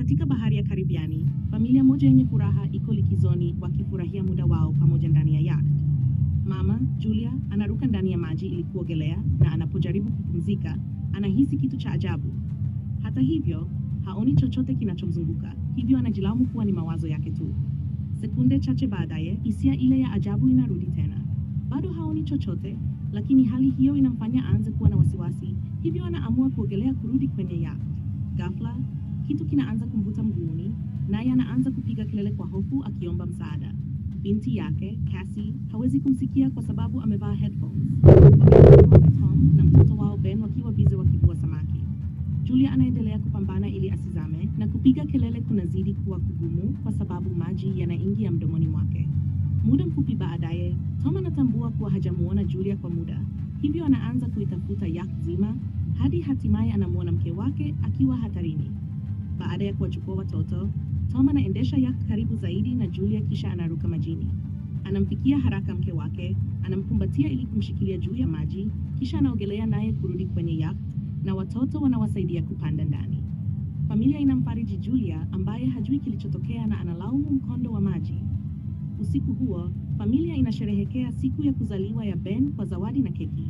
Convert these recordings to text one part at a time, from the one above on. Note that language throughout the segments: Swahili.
Katika bahari ya Karibiani, familia moja yenye furaha iko likizoni wakifurahia muda wao pamoja ndani ya yacht. Mama Julia anaruka ndani ya maji ili kuogelea na anapojaribu kupumzika, anahisi kitu cha ajabu. Hata hivyo, haoni chochote kinachomzunguka, hivyo anajilaumu kuwa ni mawazo yake tu. Sekunde chache baadaye, hisia ile ya ajabu inarudi tena. Bado haoni chochote, lakini hali hiyo inamfanya aanze kuwa na wasiwasi, hivyo anaamua kuogelea kurudi kwenye yacht. Ghafla, kitu kinaanza kumvuta mguuni, naye anaanza kupiga kelele kwa hofu akiomba msaada. Binti yake Cassie hawezi kumsikia kwa sababu amevaa headphones. Tom na mtoto wao Ben wakiwa bize wakivua samaki. Julia anaendelea kupambana ili asizame na kupiga kelele kunazidi kuwa kugumu kwa sababu maji yanaingia mdomoni mwake. Muda mfupi baadaye, Tom anatambua kuwa hajamuona Julia kwa muda, hivyo anaanza kuitafuta yak zima hadi hatimaye anamwona mke wake akiwa hatarini baada ya kuwachukua watoto, Tom anaendesha yacht karibu zaidi na Julia kisha anaruka majini. Anamfikia haraka mke wake, anamkumbatia ili kumshikilia juu ya maji, kisha anaogelea naye kurudi kwenye yacht na watoto wanawasaidia kupanda ndani. Familia inamfariji Julia ambaye hajui kilichotokea na analaumu mkondo wa maji. Usiku huo, familia inasherehekea siku ya kuzaliwa ya Ben kwa zawadi na keki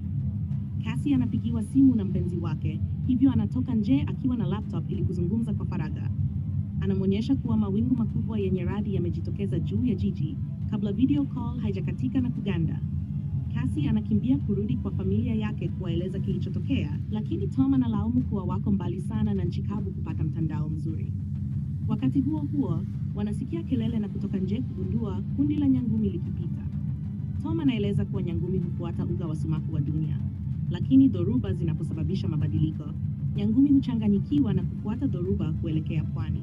kasi anapigiwa simu na mpenzi wake, hivyo anatoka nje akiwa na laptop ili kuzungumza kwa faragha. Anamwonyesha kuwa mawingu makubwa yenye radi yamejitokeza juu ya jiji kabla video call haijakatika na kuganda. kasi anakimbia kurudi kwa familia yake kuwaeleza kilichotokea, lakini Tom analaumu kuwa wako mbali sana na nchi kavu kupata mtandao mzuri. Wakati huo huo, wanasikia kelele na kutoka nje kugundua kundi la nyangumi likipita. Tom anaeleza kuwa nyangumi hufuata uga wa sumaku wa dunia lakini dhoruba zinaposababisha mabadiliko, nyangumi huchanganyikiwa na kufuata dhoruba kuelekea pwani.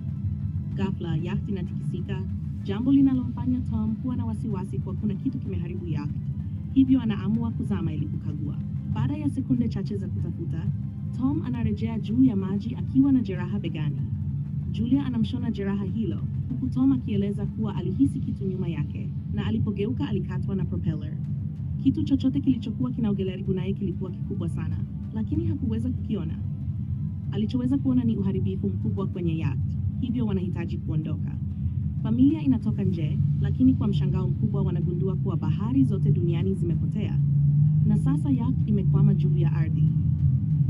Ghafla yacht inatikisika, jambo linalomfanya Tom kuwa na wasiwasi kwa kuna kitu kimeharibu yacht, hivyo anaamua kuzama ili kukagua. Baada ya sekunde chache za kutafuta, Tom anarejea juu ya maji akiwa na jeraha begani. Julia anamshona jeraha hilo huku Tom akieleza kuwa alihisi kitu nyuma yake na alipogeuka alikatwa na propeller. Kitu chochote kilichokuwa kinaogelea karibu naye kilikuwa kikubwa sana, lakini hakuweza kukiona. Alichoweza kuona ni uharibifu mkubwa kwenye yacht, hivyo wanahitaji kuondoka. Familia inatoka nje, lakini kwa mshangao mkubwa wanagundua kuwa bahari zote duniani zimepotea na sasa yacht imekwama juu ya ardhi.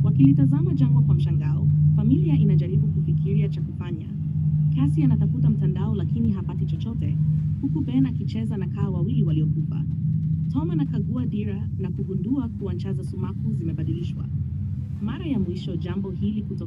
Wakilitazama jangwa kwa mshangao, familia inajaribu kufikiria cha kufanya. Cassie anatafuta mtandao lakini hapati chochote, huku Ben akicheza na kaa wawili waliokufa. Tom anakagua dira na kugundua kuwa ncha za sumaku zimebadilishwa. Mara ya mwisho jambo hili kutoka